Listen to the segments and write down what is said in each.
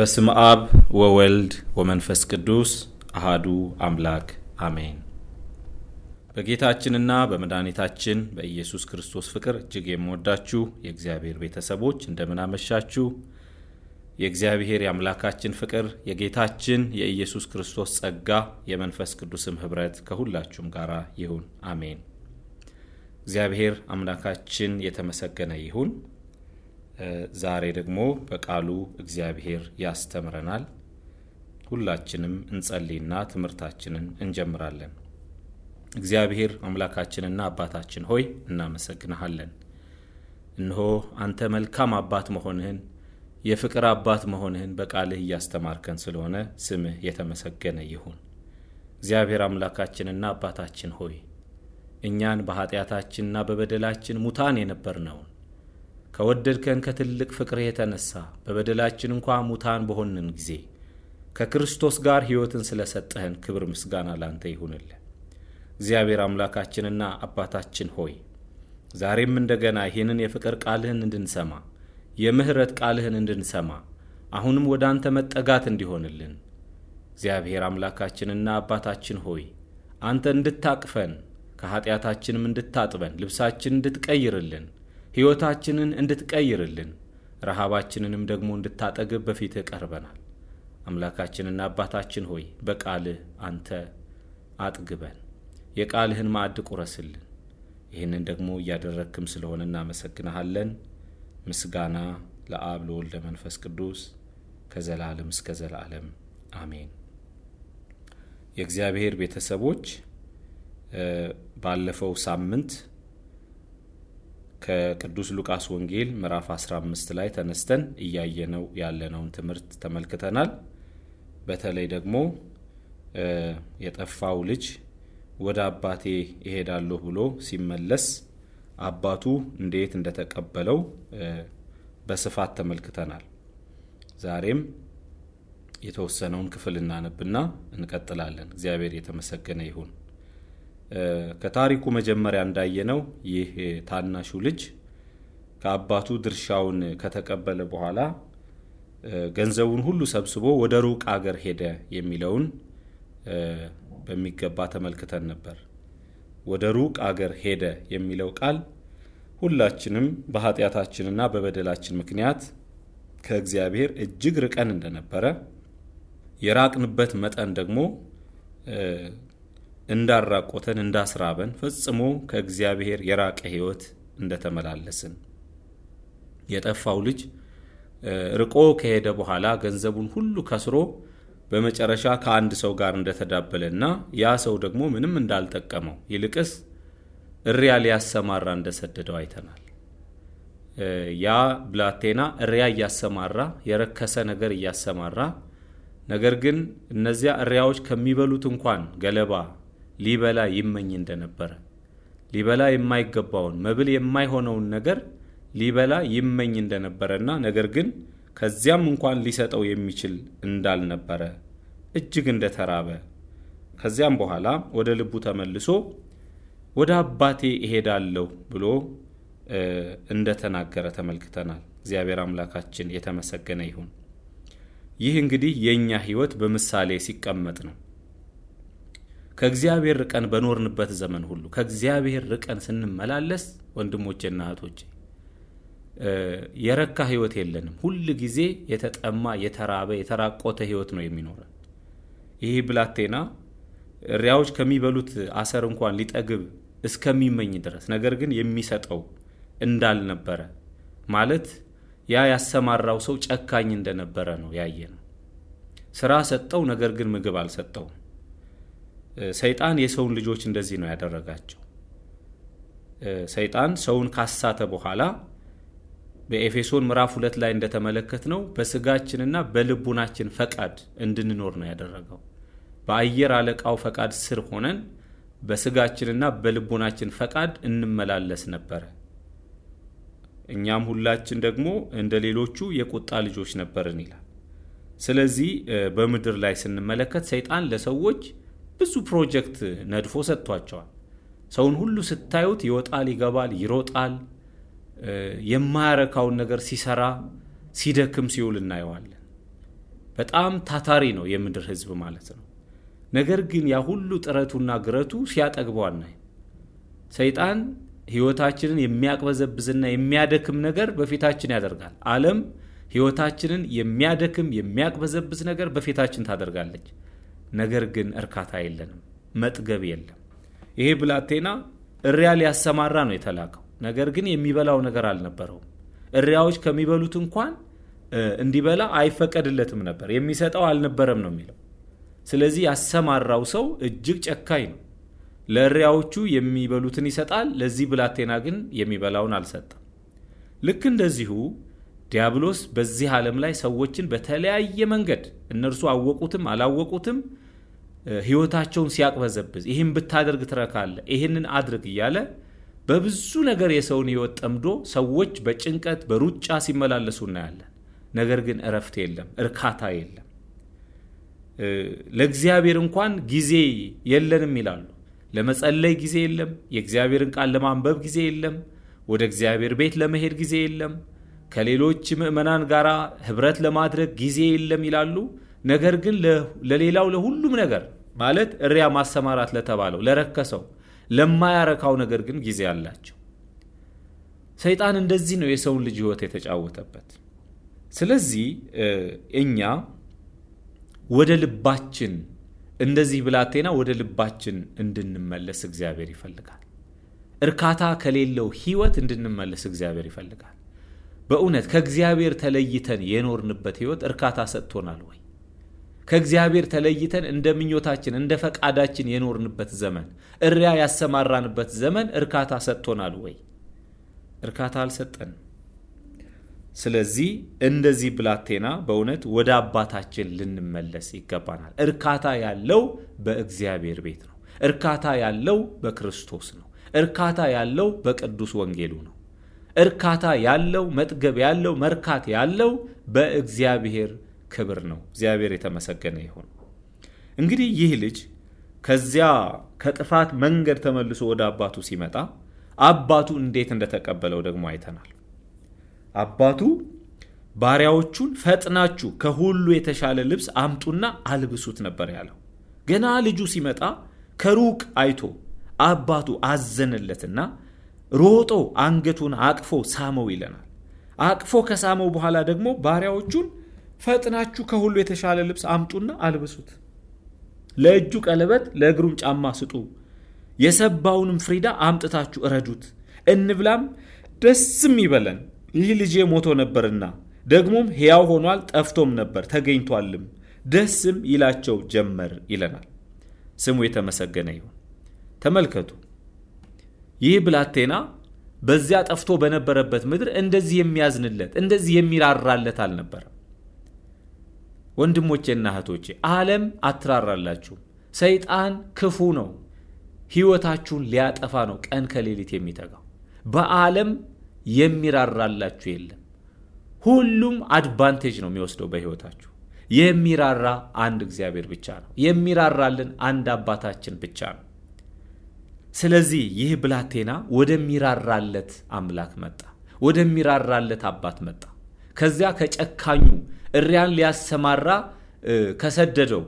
በስም አብ ወወልድ ወመንፈስ ቅዱስ አሃዱ አምላክ አሜን። በጌታችንና በመድኃኒታችን በኢየሱስ ክርስቶስ ፍቅር እጅግ የምወዳችሁ የእግዚአብሔር ቤተሰቦች እንደምናመሻችሁ። የእግዚአብሔር የአምላካችን ፍቅር የጌታችን የኢየሱስ ክርስቶስ ጸጋ የመንፈስ ቅዱስም ኅብረት ከሁላችሁም ጋር ይሁን። አሜን። እግዚአብሔር አምላካችን የተመሰገነ ይሁን። ዛሬ ደግሞ በቃሉ እግዚአብሔር ያስተምረናል። ሁላችንም እንጸልይና ትምህርታችንን እንጀምራለን። እግዚአብሔር አምላካችንና አባታችን ሆይ እናመሰግንሃለን። እነሆ አንተ መልካም አባት መሆንህን የፍቅር አባት መሆንህን በቃልህ እያስተማርከን ስለሆነ ስምህ የተመሰገነ ይሁን። እግዚአብሔር አምላካችንና አባታችን ሆይ እኛን በኃጢአታችንና በበደላችን ሙታን የነበርነውን ከወደድከን ከትልቅ ፍቅርህ የተነሳ በበደላችን እንኳ ሙታን በሆንን ጊዜ ከክርስቶስ ጋር ሕይወትን ሰጠህን ክብር ምስጋና ላንተ ይሁንል። እግዚአብሔር አምላካችንና አባታችን ሆይ ዛሬም እንደገና ይህንን የፍቅር ቃልህን እንድንሰማ የምሕረት ቃልህን እንድንሰማ አሁንም ወደ አንተ መጠጋት እንዲሆንልን እግዚአብሔር አምላካችንና አባታችን ሆይ አንተ እንድታቅፈን ከኀጢአታችንም እንድታጥበን ልብሳችን እንድትቀይርልን ሕይወታችንን እንድትቀይርልን ረሃባችንንም ደግሞ እንድታጠግብ በፊትህ ቀርበናል። አምላካችንና አባታችን ሆይ በቃልህ አንተ አጥግበን፣ የቃልህን ማዕድ ቁረስልን። ይህንን ደግሞ እያደረግክም ስለሆነ እናመሰግናሃለን። ምስጋና ለአብ ለወልደ መንፈስ ቅዱስ ከዘላለም እስከ ዘላለም አሜን። የእግዚአብሔር ቤተሰቦች ባለፈው ሳምንት ከቅዱስ ሉቃስ ወንጌል ምዕራፍ 15 ላይ ተነስተን እያየነው ያለነውን ትምህርት ተመልክተናል። በተለይ ደግሞ የጠፋው ልጅ ወደ አባቴ እሄዳለሁ ብሎ ሲመለስ አባቱ እንዴት እንደተቀበለው በስፋት ተመልክተናል። ዛሬም የተወሰነውን ክፍል እናነብና እንቀጥላለን። እግዚአብሔር የተመሰገነ ይሁን። ከታሪኩ መጀመሪያ እንዳየነው ይህ ታናሹ ልጅ ከአባቱ ድርሻውን ከተቀበለ በኋላ ገንዘቡን ሁሉ ሰብስቦ ወደ ሩቅ አገር ሄደ የሚለውን በሚገባ ተመልክተን ነበር። ወደ ሩቅ አገር ሄደ የሚለው ቃል ሁላችንም በኃጢአታችንና በበደላችን ምክንያት ከእግዚአብሔር እጅግ ርቀን እንደነበረ የራቅንበት መጠን ደግሞ እንዳራቆተን እንዳስራበን ፈጽሞ ከእግዚአብሔር የራቀ ህይወት እንደተመላለስን የጠፋው ልጅ ርቆ ከሄደ በኋላ ገንዘቡን ሁሉ ከስሮ በመጨረሻ ከአንድ ሰው ጋር እንደተዳበለና ያ ሰው ደግሞ ምንም እንዳልጠቀመው ይልቅስ እሪያ ሊያሰማራ እንደሰደደው አይተናል። ያ ብላቴና እሪያ እያሰማራ የረከሰ ነገር እያሰማራ ነገር ግን እነዚያ እሪያዎች ከሚበሉት እንኳን ገለባ ሊበላ ይመኝ እንደነበረ ሊበላ የማይገባውን መብል የማይሆነውን ነገር ሊበላ ይመኝ እንደነበረና ነገር ግን ከዚያም እንኳን ሊሰጠው የሚችል እንዳልነበረ እጅግ እንደተራበ ከዚያም በኋላ ወደ ልቡ ተመልሶ ወደ አባቴ እሄዳለሁ ብሎ እንደተናገረ ተመልክተናል። እግዚአብሔር አምላካችን የተመሰገነ ይሁን። ይህ እንግዲህ የእኛ ህይወት በምሳሌ ሲቀመጥ ነው። ከእግዚአብሔር ርቀን በኖርንበት ዘመን ሁሉ ከእግዚአብሔር ርቀን ስንመላለስ ወንድሞቼና እህቶቼ የረካ ህይወት የለንም። ሁል ጊዜ የተጠማ የተራበ የተራቆተ ህይወት ነው የሚኖረን። ይህ ብላቴና እሪያዎች ከሚበሉት አሰር እንኳን ሊጠግብ እስከሚመኝ ድረስ ነገር ግን የሚሰጠው እንዳልነበረ ማለት ያ ያሰማራው ሰው ጨካኝ እንደነበረ ነው ያየ ነው። ስራ ሰጠው፣ ነገር ግን ምግብ አልሰጠውም። ሰይጣን የሰውን ልጆች እንደዚህ ነው ያደረጋቸው። ሰይጣን ሰውን ካሳተ በኋላ በኤፌሶን ምዕራፍ ሁለት ላይ እንደተመለከት ነው በስጋችንና በልቡናችን ፈቃድ እንድንኖር ነው ያደረገው። በአየር አለቃው ፈቃድ ስር ሆነን በስጋችንና በልቡናችን ፈቃድ እንመላለስ ነበረ። እኛም ሁላችን ደግሞ እንደ ሌሎቹ የቁጣ ልጆች ነበርን ይላል። ስለዚህ በምድር ላይ ስንመለከት ሰይጣን ለሰዎች ብዙ ፕሮጀክት ነድፎ ሰጥቷቸዋል። ሰውን ሁሉ ስታዩት ይወጣል፣ ይገባል፣ ይሮጣል። የማያረካውን ነገር ሲሰራ ሲደክም ሲውል እናየዋለን። በጣም ታታሪ ነው የምድር ህዝብ ማለት ነው። ነገር ግን ያ ሁሉ ጥረቱና ግረቱ ሲያጠግበው አናይም። ሰይጣን ህይወታችንን የሚያቅበዘብዝና የሚያደክም ነገር በፊታችን ያደርጋል። ዓለም ህይወታችንን የሚያደክም የሚያቅበዘብዝ ነገር በፊታችን ታደርጋለች። ነገር ግን እርካታ የለንም፣ መጥገብ የለም። ይሄ ብላቴና እሪያ ሊያሰማራ ነው የተላከው። ነገር ግን የሚበላው ነገር አልነበረውም። እሪያዎች ከሚበሉት እንኳን እንዲበላ አይፈቀድለትም ነበር፣ የሚሰጠው አልነበረም ነው የሚለው። ስለዚህ ያሰማራው ሰው እጅግ ጨካኝ ነው። ለእሪያዎቹ የሚበሉትን ይሰጣል፣ ለዚህ ብላቴና ግን የሚበላውን አልሰጠም። ልክ እንደዚሁ ዲያብሎስ በዚህ ዓለም ላይ ሰዎችን በተለያየ መንገድ እነርሱ አወቁትም አላወቁትም ህይወታቸውን ሲያቅበዘብዝ ይህን ብታደርግ ትረካለ፣ ይህንን አድርግ እያለ በብዙ ነገር የሰውን ህይወት ጠምዶ ሰዎች በጭንቀት በሩጫ ሲመላለሱ እናያለን። ነገር ግን እረፍት የለም፣ እርካታ የለም። ለእግዚአብሔር እንኳን ጊዜ የለንም ይላሉ። ለመጸለይ ጊዜ የለም፣ የእግዚአብሔርን ቃል ለማንበብ ጊዜ የለም፣ ወደ እግዚአብሔር ቤት ለመሄድ ጊዜ የለም፣ ከሌሎች ምእመናን ጋር ህብረት ለማድረግ ጊዜ የለም ይላሉ። ነገር ግን ለሌላው ለሁሉም ነገር ማለት እሪያ ማሰማራት ለተባለው ለረከሰው ለማያረካው ነገር ግን ጊዜ አላቸው። ሰይጣን እንደዚህ ነው የሰውን ልጅ ህይወት የተጫወተበት። ስለዚህ እኛ ወደ ልባችን እንደዚህ ብላቴና ወደ ልባችን እንድንመለስ እግዚአብሔር ይፈልጋል። እርካታ ከሌለው ህይወት እንድንመለስ እግዚአብሔር ይፈልጋል። በእውነት ከእግዚአብሔር ተለይተን የኖርንበት ህይወት እርካታ ሰጥቶናል ወይ? ከእግዚአብሔር ተለይተን እንደ ምኞታችን እንደ ፈቃዳችን የኖርንበት ዘመን እሪያ ያሰማራንበት ዘመን እርካታ ሰጥቶናል ወይ? እርካታ አልሰጠንም። ስለዚህ እንደዚህ ብላቴና በእውነት ወደ አባታችን ልንመለስ ይገባናል። እርካታ ያለው በእግዚአብሔር ቤት ነው። እርካታ ያለው በክርስቶስ ነው። እርካታ ያለው በቅዱስ ወንጌሉ ነው። እርካታ ያለው መጥገብ ያለው መርካት ያለው በእግዚአብሔር ክብር ነው። እግዚአብሔር የተመሰገነ ይሁን። እንግዲህ ይህ ልጅ ከዚያ ከጥፋት መንገድ ተመልሶ ወደ አባቱ ሲመጣ አባቱ እንዴት እንደተቀበለው ደግሞ አይተናል። አባቱ ባሪያዎቹን ፈጥናችሁ ከሁሉ የተሻለ ልብስ አምጡና አልብሱት ነበር ያለው። ገና ልጁ ሲመጣ ከሩቅ አይቶ አባቱ አዘነለትና ሮጦ አንገቱን አቅፎ ሳመው ይለናል። አቅፎ ከሳመው በኋላ ደግሞ ባሪያዎቹን ፈጥናችሁ ከሁሉ የተሻለ ልብስ አምጡና አልብሱት፣ ለእጁ ቀለበት ለእግሩም ጫማ ስጡ፣ የሰባውንም ፍሪዳ አምጥታችሁ እረዱት፣ እንብላም ደስም ይበለን። ይህ ልጄ ሞቶ ነበርና ደግሞም ሕያው ሆኗል፣ ጠፍቶም ነበር ተገኝቷልም፣ ደስም ይላቸው ጀመር ይለናል። ስሙ የተመሰገነ ይሁን። ተመልከቱ፣ ይህ ብላቴና በዚያ ጠፍቶ በነበረበት ምድር እንደዚህ የሚያዝንለት እንደዚህ የሚራራለት አልነበረ ወንድሞቼና እህቶቼ ዓለም አትራራላችሁ። ሰይጣን ክፉ ነው። ህይወታችሁን ሊያጠፋ ነው ቀን ከሌሊት የሚተጋው። በዓለም የሚራራላችሁ የለም። ሁሉም አድቫንቴጅ ነው የሚወስደው በህይወታችሁ። የሚራራ አንድ እግዚአብሔር ብቻ ነው። የሚራራልን አንድ አባታችን ብቻ ነው። ስለዚህ ይህ ብላቴና ወደሚራራለት አምላክ መጣ፣ ወደሚራራለት አባት መጣ። ከዚያ ከጨካኙ እሪያን ሊያሰማራ ከሰደደው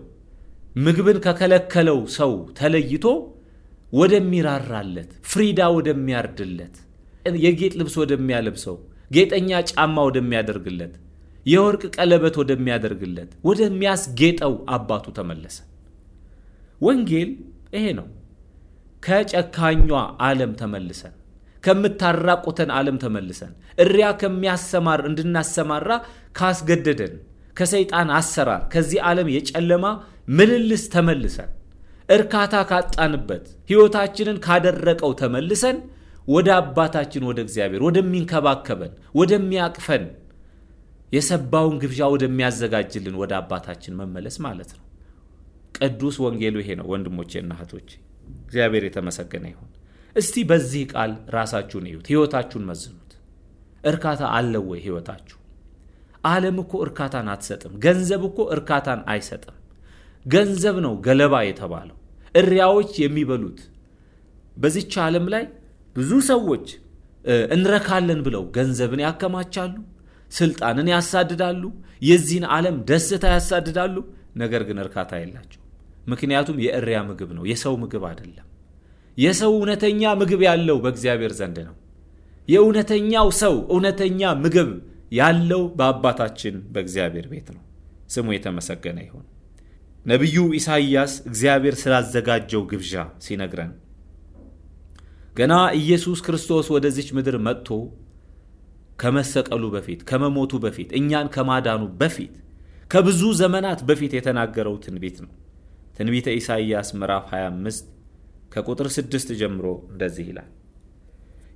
ምግብን ከከለከለው ሰው ተለይቶ ወደሚራራለት ፍሪዳ ወደሚያርድለት የጌጥ ልብስ ወደሚያለብሰው ጌጠኛ ጫማ ወደሚያደርግለት የወርቅ ቀለበት ወደሚያደርግለት ወደሚያስጌጠው አባቱ ተመለሰ። ወንጌል ይሄ ነው። ከጨካኟ ዓለም ተመልሰን ከምታራቁተን ዓለም ተመልሰን እሪያ ከሚያሰማር እንድናሰማራ ካስገደደን ከሰይጣን አሰራር ከዚህ ዓለም የጨለማ ምልልስ ተመልሰን እርካታ ካጣንበት ሕይወታችንን ካደረቀው ተመልሰን ወደ አባታችን ወደ እግዚአብሔር ወደሚንከባከበን ወደሚያቅፈን የሰባውን ግብዣ ወደሚያዘጋጅልን ወደ አባታችን መመለስ ማለት ነው። ቅዱስ ወንጌሉ ይሄ ነው። ወንድሞቼና እህቶቼ እግዚአብሔር የተመሰገነ ይሁን። እስቲ በዚህ ቃል ራሳችሁን እዩት፣ ሕይወታችሁን መዝኑት። እርካታ አለው ወይ ሕይወታችሁ? ዓለም እኮ እርካታን አትሰጥም። ገንዘብ እኮ እርካታን አይሰጥም። ገንዘብ ነው ገለባ የተባለው እሪያዎች የሚበሉት። በዚች ዓለም ላይ ብዙ ሰዎች እንረካለን ብለው ገንዘብን ያከማቻሉ፣ ስልጣንን ያሳድዳሉ፣ የዚህን ዓለም ደስታ ያሳድዳሉ። ነገር ግን እርካታ የላቸው። ምክንያቱም የእሪያ ምግብ ነው፣ የሰው ምግብ አይደለም። የሰው እውነተኛ ምግብ ያለው በእግዚአብሔር ዘንድ ነው። የእውነተኛው ሰው እውነተኛ ምግብ ያለው በአባታችን በእግዚአብሔር ቤት ነው። ስሙ የተመሰገነ ይሁን። ነቢዩ ኢሳይያስ እግዚአብሔር ስላዘጋጀው ግብዣ ሲነግረን ገና ኢየሱስ ክርስቶስ ወደዚች ምድር መጥቶ ከመሰቀሉ በፊት ከመሞቱ በፊት እኛን ከማዳኑ በፊት ከብዙ ዘመናት በፊት የተናገረው ትንቢት ነው። ትንቢተ ኢሳይያስ ምዕራፍ 25 ከቁጥር ስድስት ጀምሮ እንደዚህ ይላል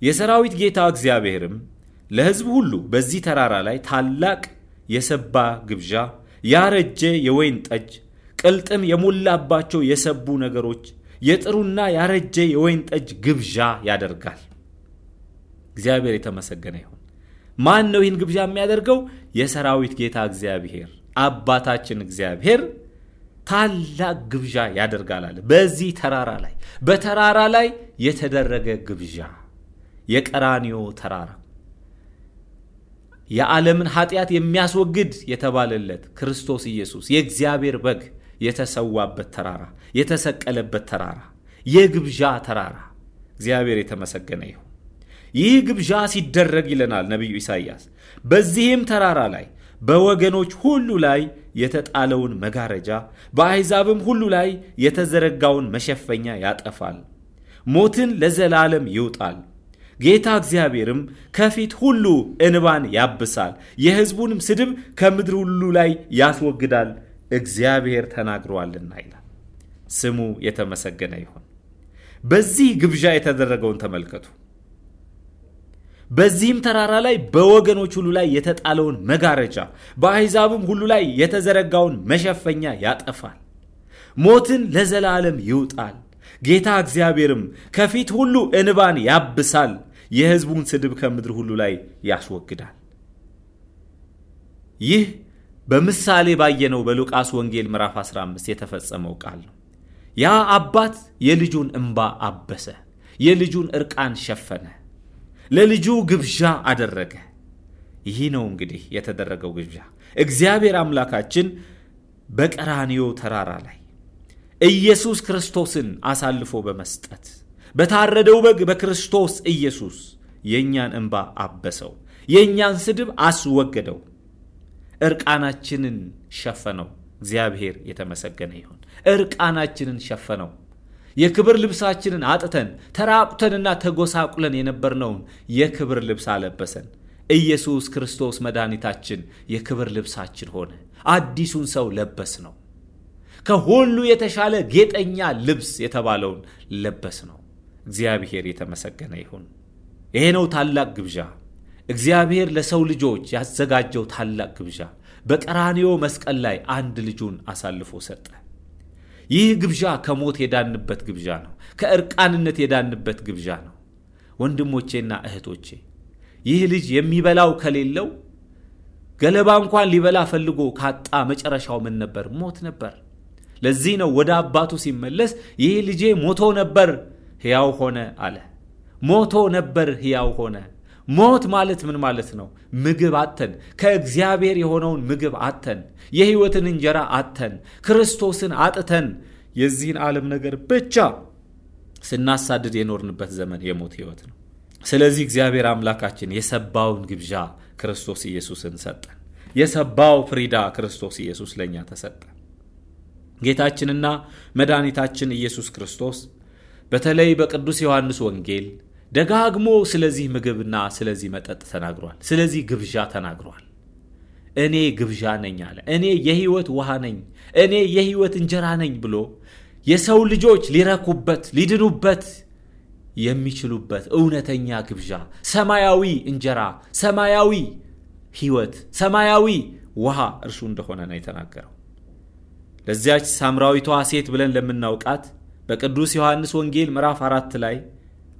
የሰራዊት ጌታ እግዚአብሔርም ለሕዝብ ሁሉ በዚህ ተራራ ላይ ታላቅ የሰባ ግብዣ ያረጀ የወይን ጠጅ ቅልጥም የሞላባቸው የሰቡ ነገሮች የጥሩና ያረጀ የወይን ጠጅ ግብዣ ያደርጋል እግዚአብሔር የተመሰገነ ይሁን ማን ነው ይህን ግብዣ የሚያደርገው የሰራዊት ጌታ እግዚአብሔር አባታችን እግዚአብሔር ታላቅ ግብዣ ያደርጋላል በዚህ ተራራ ላይ በተራራ ላይ የተደረገ ግብዣ የቀራኒዮ ተራራ የዓለምን ኃጢአት የሚያስወግድ የተባለለት ክርስቶስ ኢየሱስ የእግዚአብሔር በግ የተሰዋበት ተራራ የተሰቀለበት ተራራ የግብዣ ተራራ እግዚአብሔር የተመሰገነ ይሁን። ይህ ግብዣ ሲደረግ ይለናል ነቢዩ ኢሳይያስ፣ በዚህም ተራራ ላይ በወገኖች ሁሉ ላይ የተጣለውን መጋረጃ በአሕዛብም ሁሉ ላይ የተዘረጋውን መሸፈኛ ያጠፋል፣ ሞትን ለዘላለም ይውጣል። ጌታ እግዚአብሔርም ከፊት ሁሉ እንባን ያብሳል፣ የሕዝቡንም ስድብ ከምድር ሁሉ ላይ ያስወግዳል፣ እግዚአብሔር ተናግሯልና ይላል። ስሙ የተመሰገነ ይሁን። በዚህ ግብዣ የተደረገውን ተመልከቱ። በዚህም ተራራ ላይ በወገኖች ሁሉ ላይ የተጣለውን መጋረጃ በአሕዛብም ሁሉ ላይ የተዘረጋውን መሸፈኛ ያጠፋል። ሞትን ለዘላለም ይውጣል። ጌታ እግዚአብሔርም ከፊት ሁሉ እንባን ያብሳል፣ የሕዝቡን ስድብ ከምድር ሁሉ ላይ ያስወግዳል። ይህ በምሳሌ ባየነው በሉቃስ ወንጌል ምዕራፍ 15 የተፈጸመው ቃል ነው። ያ አባት የልጁን እንባ አበሰ፣ የልጁን እርቃን ሸፈነ። ለልጁ ግብዣ አደረገ። ይህ ነው እንግዲህ የተደረገው ግብዣ። እግዚአብሔር አምላካችን በቀራንዮ ተራራ ላይ ኢየሱስ ክርስቶስን አሳልፎ በመስጠት በታረደው በግ በክርስቶስ ኢየሱስ የእኛን እንባ አበሰው፣ የእኛን ስድብ አስወገደው፣ እርቃናችንን ሸፈነው። እግዚአብሔር የተመሰገነ ይሁን። እርቃናችንን ሸፈነው። የክብር ልብሳችንን አጥተን ተራቁተንና ተጎሳቁለን የነበርነውን የክብር ልብስ አለበሰን። ኢየሱስ ክርስቶስ መድኃኒታችን የክብር ልብሳችን ሆነ። አዲሱን ሰው ለበስ ነው። ከሁሉ የተሻለ ጌጠኛ ልብስ የተባለውን ለበስ ነው። እግዚአብሔር የተመሰገነ ይሁን። ይሄ ነው ታላቅ ግብዣ፣ እግዚአብሔር ለሰው ልጆች ያዘጋጀው ታላቅ ግብዣ። በቀራንዮ መስቀል ላይ አንድ ልጁን አሳልፎ ሰጠ። ይህ ግብዣ ከሞት የዳንበት ግብዣ ነው። ከእርቃንነት የዳንበት ግብዣ ነው። ወንድሞቼና እህቶቼ ይህ ልጅ የሚበላው ከሌለው ገለባ እንኳን ሊበላ ፈልጎ ካጣ መጨረሻው ምን ነበር? ሞት ነበር። ለዚህ ነው ወደ አባቱ ሲመለስ ይህ ልጄ ሞቶ ነበር ሕያው ሆነ አለ። ሞቶ ነበር ሕያው ሆነ ሞት ማለት ምን ማለት ነው? ምግብ አተን፣ ከእግዚአብሔር የሆነውን ምግብ አተን፣ የህይወትን እንጀራ አተን፣ ክርስቶስን አጥተን የዚህን ዓለም ነገር ብቻ ስናሳድድ የኖርንበት ዘመን የሞት ህይወት ነው። ስለዚህ እግዚአብሔር አምላካችን የሰባውን ግብዣ ክርስቶስ ኢየሱስን ሰጠን። የሰባው ፍሪዳ ክርስቶስ ኢየሱስ ለእኛ ተሰጠ። ጌታችንና መድኃኒታችን ኢየሱስ ክርስቶስ በተለይ በቅዱስ ዮሐንስ ወንጌል ደጋግሞ ስለዚህ ምግብና ስለዚህ መጠጥ ተናግሯል። ስለዚህ ግብዣ ተናግሯል። እኔ ግብዣ ነኝ አለ። እኔ የህይወት ውሃ ነኝ፣ እኔ የህይወት እንጀራ ነኝ ብሎ የሰው ልጆች ሊረኩበት ሊድኑበት የሚችሉበት እውነተኛ ግብዣ፣ ሰማያዊ እንጀራ፣ ሰማያዊ ህይወት፣ ሰማያዊ ውሃ እርሱ እንደሆነ ነው የተናገረው። ለዚያች ሳምራዊቷ ሴት ብለን ለምናውቃት በቅዱስ ዮሐንስ ወንጌል ምዕራፍ አራት ላይ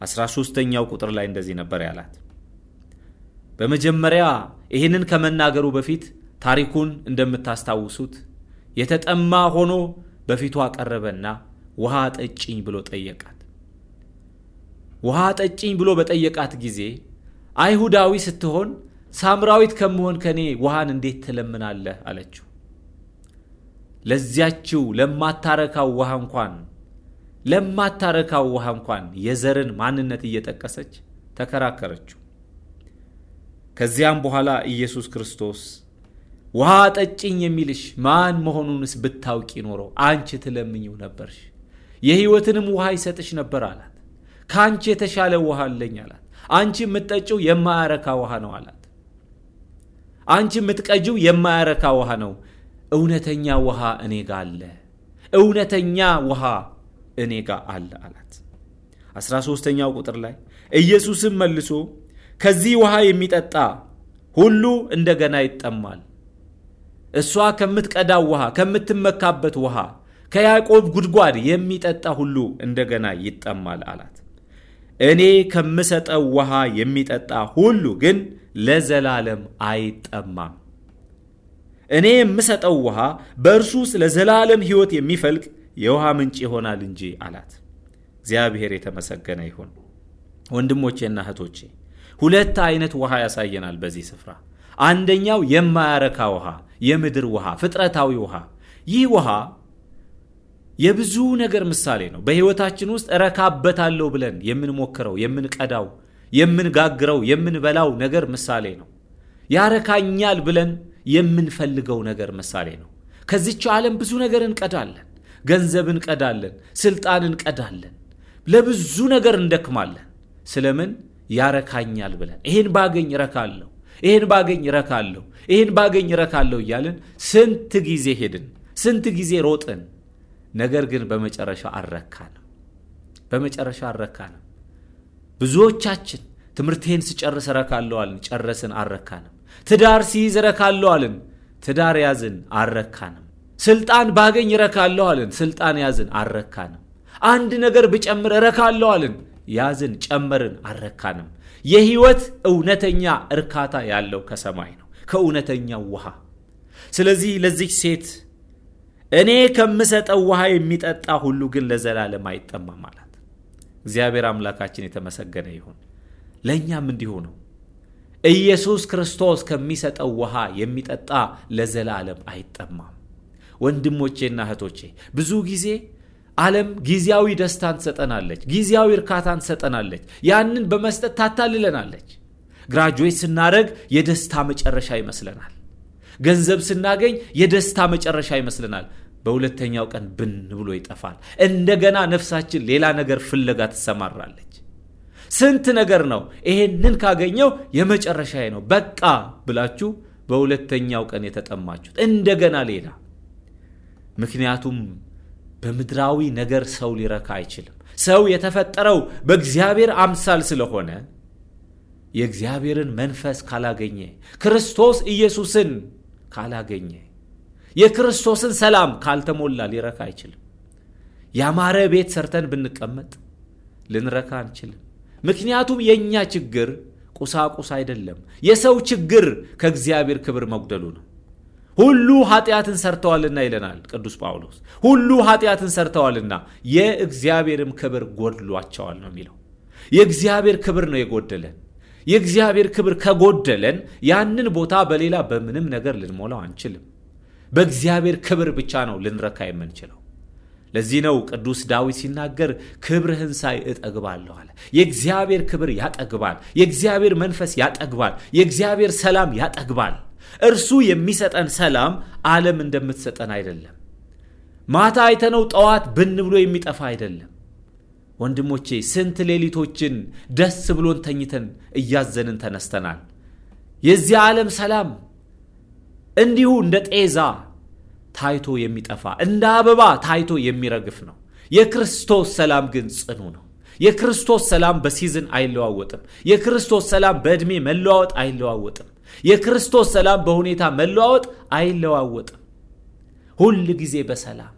13ኛው ቁጥር ላይ እንደዚህ ነበር ያላት። በመጀመሪያ ይህንን ከመናገሩ በፊት ታሪኩን እንደምታስታውሱት የተጠማ ሆኖ በፊቱ አቀረበና ውሃ ጠጭኝ ብሎ ጠየቃት። ውሃ ጠጭኝ ብሎ በጠየቃት ጊዜ አይሁዳዊ ስትሆን ሳምራዊት ከምሆን ከኔ ውሃን እንዴት ትለምናለህ? አለችው። ለዚያችው ለማታረካው ውሃ እንኳን ለማታረካው ውሃ እንኳን የዘርን ማንነት እየጠቀሰች ተከራከረችው። ከዚያም በኋላ ኢየሱስ ክርስቶስ ውሃ ጠጭኝ የሚልሽ ማን መሆኑንስ ብታውቂ ኖሮ አንቺ ትለምኝው ነበርሽ፣ የሕይወትንም ውሃ ይሰጥሽ ነበር አላት። ከአንቺ የተሻለ ውሃ አለኝ አላት። አንቺ የምትጠጪው የማያረካ ውሃ ነው አላት። አንቺ የምትቀጂው የማያረካ ውሃ ነው። እውነተኛ ውሃ እኔ ጋ አለ። እውነተኛ ውሃ እኔ ጋር አለ አላት። 13ተኛው ቁጥር ላይ ኢየሱስም መልሶ ከዚህ ውሃ የሚጠጣ ሁሉ እንደገና ይጠማል። እሷ ከምትቀዳው ውሃ፣ ከምትመካበት ውሃ፣ ከያዕቆብ ጉድጓድ የሚጠጣ ሁሉ እንደገና ይጠማል አላት። እኔ ከምሰጠው ውሃ የሚጠጣ ሁሉ ግን ለዘላለም አይጠማም። እኔ የምሰጠው ውሃ በእርሱ ለዘላለም ሕይወት የሚፈልቅ የውሃ ምንጭ ይሆናል እንጂ አላት። እግዚአብሔር የተመሰገነ ይሁን። ወንድሞቼና እህቶቼ ሁለት አይነት ውሃ ያሳየናል በዚህ ስፍራ። አንደኛው የማያረካ ውሃ፣ የምድር ውሃ፣ ፍጥረታዊ ውሃ። ይህ ውሃ የብዙ ነገር ምሳሌ ነው። በሕይወታችን ውስጥ እረካበታለሁ ብለን የምንሞክረው፣ የምንቀዳው፣ የምንጋግረው፣ የምንበላው ነገር ምሳሌ ነው። ያረካኛል ብለን የምንፈልገው ነገር ምሳሌ ነው። ከዚች ዓለም ብዙ ነገር እንቀዳለን። ገንዘብ እንቀዳለን፣ ስልጣን እንቀዳለን፣ ለብዙ ነገር እንደክማለን። ስለምን ያረካኛል ብለን ይህን ባገኝ ረካለሁ፣ ይህን ባገኝ ረካለሁ፣ ይህን ባገኝ ረካለሁ እያልን ስንት ጊዜ ሄድን፣ ስንት ጊዜ ሮጥን። ነገር ግን በመጨረሻ አልረካንም፣ በመጨረሻ አልረካንም። ብዙዎቻችን ትምህርቴን ስጨርስ እረካለሁ አልን፣ ጨረስን፣ አልረካንም። ትዳር ሲይዝ እረካለሁ አልን፣ ትዳር ያዝን፣ አልረካንም። ስልጣን ባገኝ እረካለሁ አልን። ስልጣን ያዝን፣ አረካንም። አንድ ነገር ብጨምር እረካለሁ አልን። ያዝን፣ ጨመርን፣ አረካንም የህይወት እውነተኛ እርካታ ያለው ከሰማይ ነው፣ ከእውነተኛ ውሃ። ስለዚህ ለዚች ሴት እኔ ከምሰጠው ውሃ የሚጠጣ ሁሉ ግን ለዘላለም አይጠማም አላት። እግዚአብሔር አምላካችን የተመሰገነ ይሁን። ለእኛም እንዲሁ ነው። ኢየሱስ ክርስቶስ ከሚሰጠው ውሃ የሚጠጣ ለዘላለም አይጠማም። ወንድሞቼና እህቶቼ ብዙ ጊዜ ዓለም ጊዜያዊ ደስታን ትሰጠናለች፣ ጊዜያዊ እርካታን ትሰጠናለች። ያንን በመስጠት ታታልለናለች። ግራጁዌት ስናደረግ የደስታ መጨረሻ ይመስለናል። ገንዘብ ስናገኝ የደስታ መጨረሻ ይመስለናል። በሁለተኛው ቀን ብን ብሎ ይጠፋል። እንደገና ነፍሳችን ሌላ ነገር ፍለጋ ትሰማራለች። ስንት ነገር ነው ይሄንን ካገኘው የመጨረሻዬ ነው በቃ ብላችሁ በሁለተኛው ቀን የተጠማችሁት እንደገና ሌላ ምክንያቱም በምድራዊ ነገር ሰው ሊረካ አይችልም። ሰው የተፈጠረው በእግዚአብሔር አምሳል ስለሆነ የእግዚአብሔርን መንፈስ ካላገኘ፣ ክርስቶስ ኢየሱስን ካላገኘ፣ የክርስቶስን ሰላም ካልተሞላ ሊረካ አይችልም። ያማረ ቤት ሰርተን ብንቀመጥ ልንረካ አንችልም። ምክንያቱም የእኛ ችግር ቁሳቁስ አይደለም። የሰው ችግር ከእግዚአብሔር ክብር መጉደሉ ነው። ሁሉ ኃጢአትን ሰርተዋልና ይለናል ቅዱስ ጳውሎስ። ሁሉ ኃጢአትን ሰርተዋልና የእግዚአብሔርም ክብር ጎድሏቸዋል ነው የሚለው። የእግዚአብሔር ክብር ነው የጎደለን። የእግዚአብሔር ክብር ከጎደለን ያንን ቦታ በሌላ በምንም ነገር ልንሞላው አንችልም። በእግዚአብሔር ክብር ብቻ ነው ልንረካ የምንችለው። ለዚህ ነው ቅዱስ ዳዊት ሲናገር ክብርህን ሳይ እጠግባለሁ አለ። የእግዚአብሔር ክብር ያጠግባል። የእግዚአብሔር መንፈስ ያጠግባል። የእግዚአብሔር ሰላም ያጠግባል። እርሱ የሚሰጠን ሰላም ዓለም እንደምትሰጠን አይደለም። ማታ አይተነው ጠዋት ብን ብሎ የሚጠፋ አይደለም። ወንድሞቼ ስንት ሌሊቶችን ደስ ብሎን ተኝተን እያዘንን ተነስተናል። የዚህ ዓለም ሰላም እንዲሁ እንደ ጤዛ ታይቶ የሚጠፋ እንደ አበባ ታይቶ የሚረግፍ ነው። የክርስቶስ ሰላም ግን ጽኑ ነው። የክርስቶስ ሰላም በሲዝን አይለዋወጥም። የክርስቶስ ሰላም በዕድሜ መለዋወጥ አይለዋወጥም። የክርስቶስ ሰላም በሁኔታ መለዋወጥ አይለዋወጥም። ሁል ጊዜ በሰላም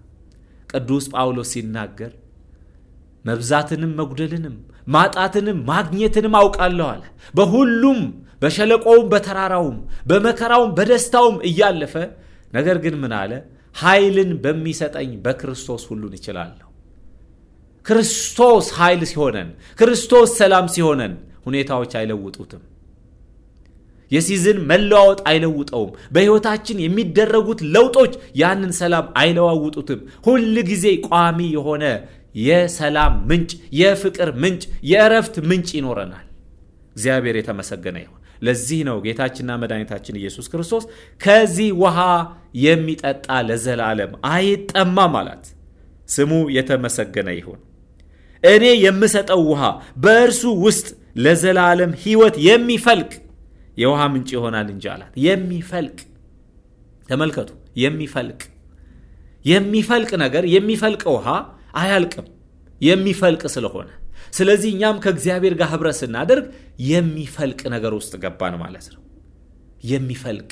ቅዱስ ጳውሎስ ሲናገር መብዛትንም መጉደልንም ማጣትንም ማግኘትንም አውቃለኋል በሁሉም በሸለቆውም በተራራውም በመከራውም በደስታውም እያለፈ ነገር ግን ምን አለ? ኃይልን በሚሰጠኝ በክርስቶስ ሁሉን ይችላለሁ ክርስቶስ ኃይል ሲሆነን፣ ክርስቶስ ሰላም ሲሆነን ሁኔታዎች አይለውጡትም። የሲዝን መለዋወጥ አይለውጠውም። በሕይወታችን የሚደረጉት ለውጦች ያንን ሰላም አይለዋውጡትም። ሁል ጊዜ ቋሚ የሆነ የሰላም ምንጭ፣ የፍቅር ምንጭ፣ የእረፍት ምንጭ ይኖረናል። እግዚአብሔር የተመሰገነ ይሁን። ለዚህ ነው ጌታችንና መድኃኒታችን ኢየሱስ ክርስቶስ ከዚህ ውሃ የሚጠጣ ለዘላለም አይጠማም አላት። ስሙ የተመሰገነ ይሁን። እኔ የምሰጠው ውሃ በእርሱ ውስጥ ለዘላለም ሕይወት የሚፈልቅ የውሃ ምንጭ ይሆናል እንጂ አላት። የሚፈልቅ ተመልከቱ፣ የሚፈልቅ የሚፈልቅ ነገር የሚፈልቅ ውሃ አያልቅም የሚፈልቅ ስለሆነ። ስለዚህ እኛም ከእግዚአብሔር ጋር ህብረት ስናደርግ የሚፈልቅ ነገር ውስጥ ገባን ማለት ነው። የሚፈልቅ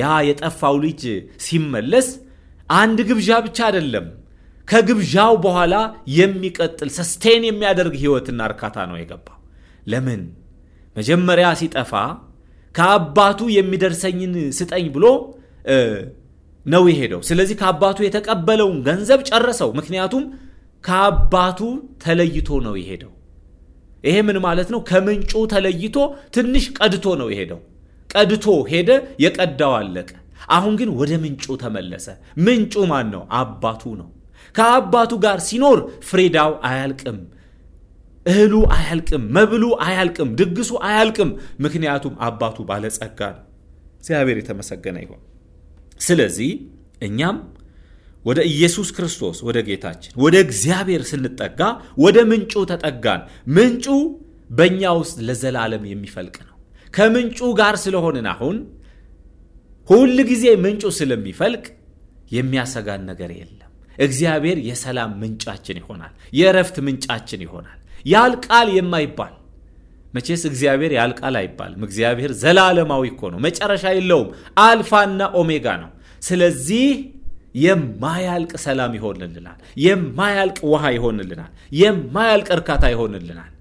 ያ የጠፋው ልጅ ሲመለስ አንድ ግብዣ ብቻ አይደለም፣ ከግብዣው በኋላ የሚቀጥል ሰስቴን የሚያደርግ ህይወትና እርካታ ነው የገባው። ለምን መጀመሪያ ሲጠፋ ከአባቱ የሚደርሰኝን ስጠኝ ብሎ ነው የሄደው። ስለዚህ ከአባቱ የተቀበለውን ገንዘብ ጨረሰው። ምክንያቱም ከአባቱ ተለይቶ ነው የሄደው። ይሄ ምን ማለት ነው? ከምንጩ ተለይቶ ትንሽ ቀድቶ ነው የሄደው። ቀድቶ ሄደ፣ የቀዳው አለቀ። አሁን ግን ወደ ምንጩ ተመለሰ። ምንጩ ማን ነው? አባቱ ነው። ከአባቱ ጋር ሲኖር ፍሬዳው አያልቅም። እህሉ አያልቅም፣ መብሉ አያልቅም፣ ድግሱ አያልቅም። ምክንያቱም አባቱ ባለጸጋ ነው። እግዚአብሔር የተመሰገነ ይሆን። ስለዚህ እኛም ወደ ኢየሱስ ክርስቶስ ወደ ጌታችን ወደ እግዚአብሔር ስንጠጋ ወደ ምንጩ ተጠጋን። ምንጩ በእኛ ውስጥ ለዘላለም የሚፈልቅ ነው። ከምንጩ ጋር ስለሆንን አሁን ሁል ጊዜ ምንጩ ስለሚፈልቅ የሚያሰጋን ነገር የለም። እግዚአብሔር የሰላም ምንጫችን ይሆናል። የእረፍት ምንጫችን ይሆናል። ያልቃል የማይባል መቼስ እግዚአብሔር ያልቃል አይባልም። እግዚአብሔር ዘላለማዊ እኮ ነው፣ መጨረሻ የለውም። አልፋና ኦሜጋ ነው። ስለዚህ የማያልቅ ሰላም ይሆንልናል፣ የማያልቅ ውሃ ይሆንልናል፣ የማያልቅ እርካታ ይሆንልናል።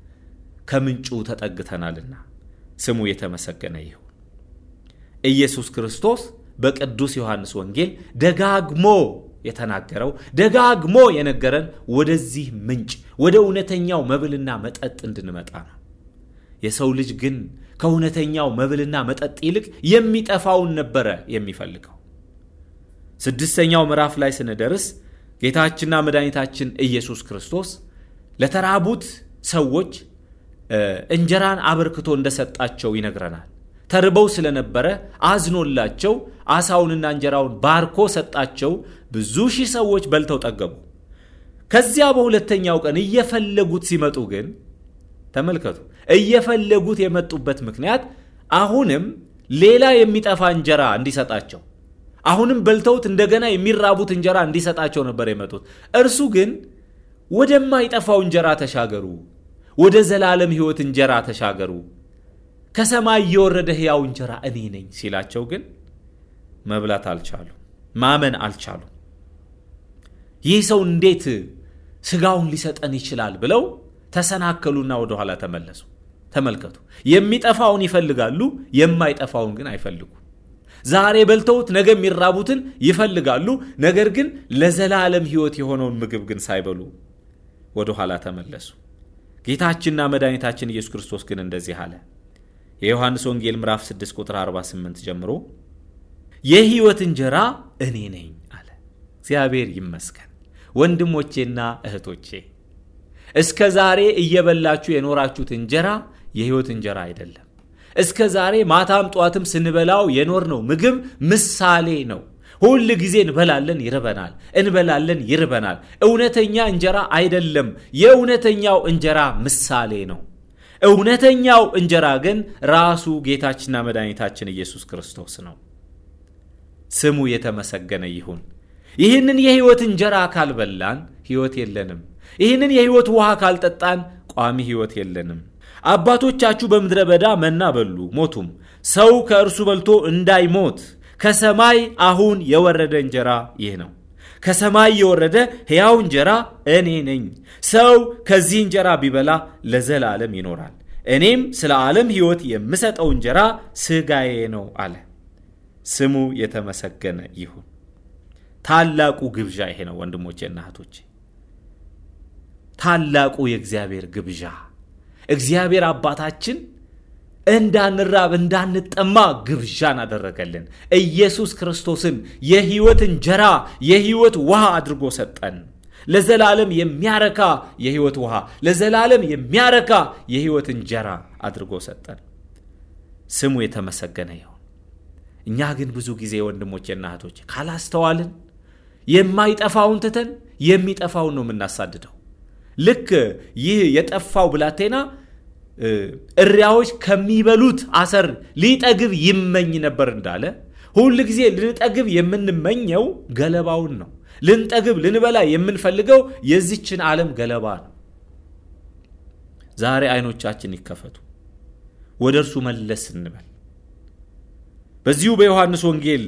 ከምንጩ ተጠግተናልና ስሙ የተመሰገነ ይሁን። ኢየሱስ ክርስቶስ በቅዱስ ዮሐንስ ወንጌል ደጋግሞ የተናገረው ደጋግሞ የነገረን ወደዚህ ምንጭ ወደ እውነተኛው መብልና መጠጥ እንድንመጣ ነው። የሰው ልጅ ግን ከእውነተኛው መብልና መጠጥ ይልቅ የሚጠፋውን ነበረ የሚፈልገው። ስድስተኛው ምዕራፍ ላይ ስንደርስ ጌታችንና መድኃኒታችን ኢየሱስ ክርስቶስ ለተራቡት ሰዎች እንጀራን አበርክቶ እንደሰጣቸው ይነግረናል። ተርበው ስለነበረ አዝኖላቸው አሳውንና እንጀራውን ባርኮ ሰጣቸው። ብዙ ሺህ ሰዎች በልተው ጠገቡ። ከዚያ በሁለተኛው ቀን እየፈለጉት ሲመጡ ግን ተመልከቱ፣ እየፈለጉት የመጡበት ምክንያት አሁንም ሌላ የሚጠፋ እንጀራ እንዲሰጣቸው፣ አሁንም በልተውት እንደገና የሚራቡት እንጀራ እንዲሰጣቸው ነበር የመጡት። እርሱ ግን ወደማይጠፋው እንጀራ ተሻገሩ፣ ወደ ዘላለም ሕይወት እንጀራ ተሻገሩ፣ ከሰማይ የወረደ ሕያው እንጀራ እኔ ነኝ ሲላቸው ግን መብላት አልቻሉ፣ ማመን አልቻሉ። ይህ ሰው እንዴት ስጋውን ሊሰጠን ይችላል ብለው ተሰናከሉና ወደኋላ ተመለሱ። ተመልከቱ፣ የሚጠፋውን ይፈልጋሉ፣ የማይጠፋውን ግን አይፈልጉ። ዛሬ በልተውት ነገ የሚራቡትን ይፈልጋሉ፣ ነገር ግን ለዘላለም ሕይወት የሆነውን ምግብ ግን ሳይበሉ ወደኋላ ተመለሱ። ጌታችንና መድኃኒታችን ኢየሱስ ክርስቶስ ግን እንደዚህ አለ። የዮሐንስ ወንጌል ምዕራፍ 6 ቁጥር 48 ጀምሮ የህይወት እንጀራ እኔ ነኝ አለ። እግዚአብሔር ይመስገን። ወንድሞቼና እህቶቼ እስከ ዛሬ እየበላችሁ የኖራችሁት እንጀራ የህይወት እንጀራ አይደለም። እስከ ዛሬ ማታም ጧትም ስንበላው የኖርነው ምግብ ምሳሌ ነው። ሁል ጊዜ እንበላለን ይርበናል፣ እንበላለን ይርበናል። እውነተኛ እንጀራ አይደለም። የእውነተኛው እንጀራ ምሳሌ ነው። እውነተኛው እንጀራ ግን ራሱ ጌታችንና መድኃኒታችን ኢየሱስ ክርስቶስ ነው። ስሙ የተመሰገነ ይሁን። ይህንን የሕይወት እንጀራ ካልበላን ሕይወት የለንም። ይህንን የሕይወት ውሃ ካልጠጣን ቋሚ ሕይወት የለንም። አባቶቻችሁ በምድረ በዳ መና በሉ ሞቱም። ሰው ከእርሱ በልቶ እንዳይሞት ከሰማይ አሁን የወረደ እንጀራ ይህ ነው። ከሰማይ የወረደ ሕያው እንጀራ እኔ ነኝ። ሰው ከዚህ እንጀራ ቢበላ ለዘላለም ይኖራል። እኔም ስለ ዓለም ሕይወት የምሰጠው እንጀራ ሥጋዬ ነው አለ። ስሙ የተመሰገነ ይሁን። ታላቁ ግብዣ ይሄ ነው ና እህቶቼ፣ ታላቁ የእግዚአብሔር ግብዣ እግዚአብሔር አባታችን እንዳንራብ እንዳንጠማ ግብዣን አደረገልን። ኢየሱስ ክርስቶስን የሕይወት እንጀራ የሕይወት ውሃ አድርጎ ሰጠን። ለዘላለም የሚያረካ የሕይወት ውሃ፣ ለዘላለም የሚያረካ የሕይወት እንጀራ አድርጎ ሰጠን። ስሙ የተመሰገነ ይሁን። እኛ ግን ብዙ ጊዜ ወንድሞቼና እህቶች ካላስተዋልን የማይጠፋውን ትተን የሚጠፋውን ነው የምናሳድደው። ልክ ይህ የጠፋው ብላቴና እሪያዎች ከሚበሉት አሰር ሊጠግብ ይመኝ ነበር እንዳለ ሁል ጊዜ ልንጠግብ የምንመኘው ገለባውን ነው። ልንጠግብ ልንበላ የምንፈልገው የዚችን ዓለም ገለባ ነው። ዛሬ አይኖቻችን ይከፈቱ፣ ወደ እርሱ መለስ እንበል። በዚሁ በዮሐንስ ወንጌል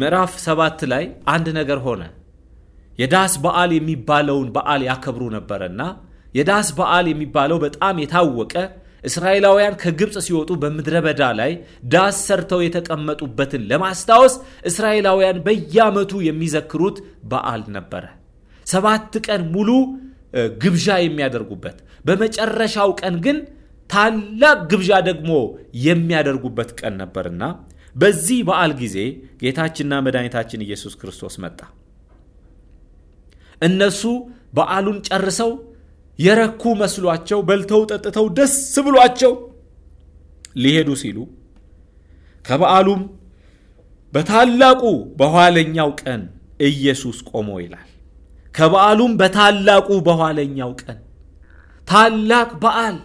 ምዕራፍ ሰባት ላይ አንድ ነገር ሆነ። የዳስ በዓል የሚባለውን በዓል ያከብሩ ነበረና የዳስ በዓል የሚባለው በጣም የታወቀ እስራኤላውያን ከግብፅ ሲወጡ በምድረ በዳ ላይ ዳስ ሰርተው የተቀመጡበትን ለማስታወስ እስራኤላውያን በየዓመቱ የሚዘክሩት በዓል ነበረ። ሰባት ቀን ሙሉ ግብዣ የሚያደርጉበት፣ በመጨረሻው ቀን ግን ታላቅ ግብዣ ደግሞ የሚያደርጉበት ቀን ነበርና በዚህ በዓል ጊዜ ጌታችንና መድኃኒታችን ኢየሱስ ክርስቶስ መጣ። እነሱ በዓሉን ጨርሰው የረኩ መስሏቸው በልተው ጠጥተው ደስ ብሏቸው ሊሄዱ ሲሉ ከበዓሉም በታላቁ በኋለኛው ቀን ኢየሱስ ቆሞ ይላል። ከበዓሉም በታላቁ በኋለኛው ቀን ታላቅ በዓል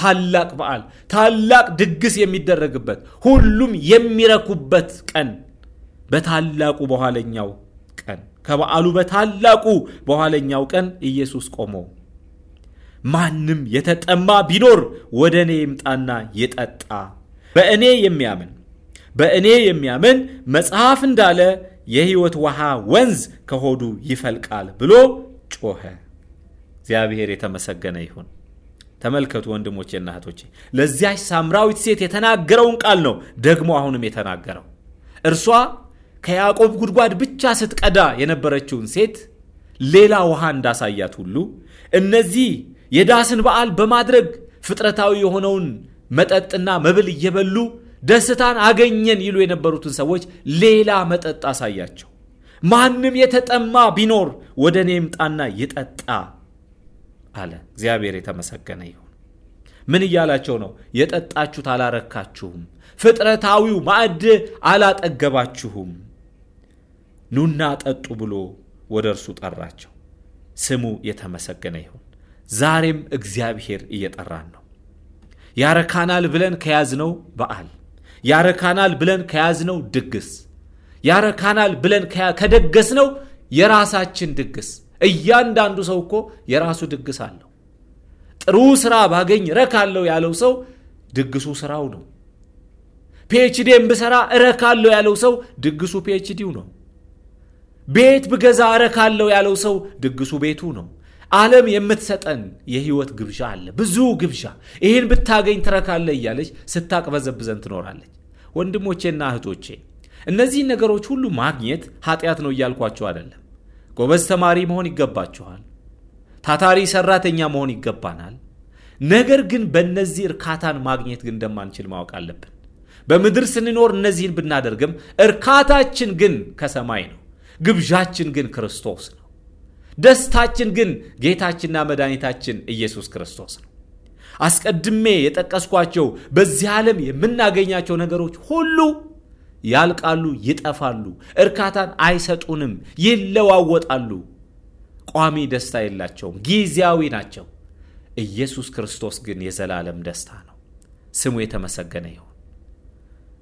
ታላቅ በዓል ታላቅ ድግስ የሚደረግበት ሁሉም የሚረኩበት ቀን በታላቁ በኋለኛው ቀን ከበዓሉ በታላቁ በኋለኛው ቀን ኢየሱስ ቆሞ ማንም የተጠማ ቢኖር ወደ እኔ ይምጣና ይጠጣ፣ በእኔ የሚያምን በእኔ የሚያምን መጽሐፍ እንዳለ የሕይወት ውሃ ወንዝ ከሆዱ ይፈልቃል ብሎ ጮኸ። እግዚአብሔር የተመሰገነ ይሁን። ተመልከቱ ወንድሞቼና እህቶቼ፣ ለዚያች ሳምራዊት ሴት የተናገረውን ቃል ነው ደግሞ አሁንም የተናገረው። እርሷ ከያዕቆብ ጉድጓድ ብቻ ስትቀዳ የነበረችውን ሴት ሌላ ውሃ እንዳሳያት ሁሉ እነዚህ የዳስን በዓል በማድረግ ፍጥረታዊ የሆነውን መጠጥና መብል እየበሉ ደስታን አገኘን ይሉ የነበሩትን ሰዎች ሌላ መጠጥ አሳያቸው። ማንም የተጠማ ቢኖር ወደ እኔ ምጣና ይጠጣ አለ። እግዚአብሔር የተመሰገነ ይሁን። ምን እያላቸው ነው? የጠጣችሁት አላረካችሁም፣ ፍጥረታዊው ማዕድ አላጠገባችሁም፣ ኑና ጠጡ ብሎ ወደ እርሱ ጠራቸው። ስሙ የተመሰገነ ይሁን። ዛሬም እግዚአብሔር እየጠራን ነው። ያረካናል ብለን ከያዝነው በዓል፣ ያረካናል ብለን ከያዝነው ድግስ፣ ያረካናል ብለን ከደገስነው የራሳችን ድግስ እያንዳንዱ ሰው እኮ የራሱ ድግስ አለው። ጥሩ ስራ ባገኝ እረካለሁ ያለው ሰው ድግሱ ስራው ነው። ፒኤችዲን ብሰራ እረካለሁ ያለው ሰው ድግሱ ፒኤችዲው ነው። ቤት ብገዛ እረካለሁ ያለው ሰው ድግሱ ቤቱ ነው። ዓለም የምትሰጠን የህይወት ግብዣ አለ፣ ብዙ ግብዣ። ይህን ብታገኝ ትረካለህ እያለች ስታቅበዘብዘን ትኖራለች። ወንድሞቼና እህቶቼ እነዚህን ነገሮች ሁሉ ማግኘት ኃጢአት ነው እያልኳቸው አይደለም። ጎበዝ ተማሪ መሆን ይገባችኋል። ታታሪ ሰራተኛ መሆን ይገባናል። ነገር ግን በእነዚህ እርካታን ማግኘት ግን እንደማንችል ማወቅ አለብን። በምድር ስንኖር እነዚህን ብናደርግም እርካታችን ግን ከሰማይ ነው። ግብዣችን ግን ክርስቶስ ነው። ደስታችን ግን ጌታችንና መድኃኒታችን ኢየሱስ ክርስቶስ ነው። አስቀድሜ የጠቀስኳቸው በዚህ ዓለም የምናገኛቸው ነገሮች ሁሉ ያልቃሉ፣ ይጠፋሉ፣ እርካታን አይሰጡንም፣ ይለዋወጣሉ፣ ቋሚ ደስታ የላቸውም፣ ጊዜያዊ ናቸው። ኢየሱስ ክርስቶስ ግን የዘላለም ደስታ ነው። ስሙ የተመሰገነ ይሁን።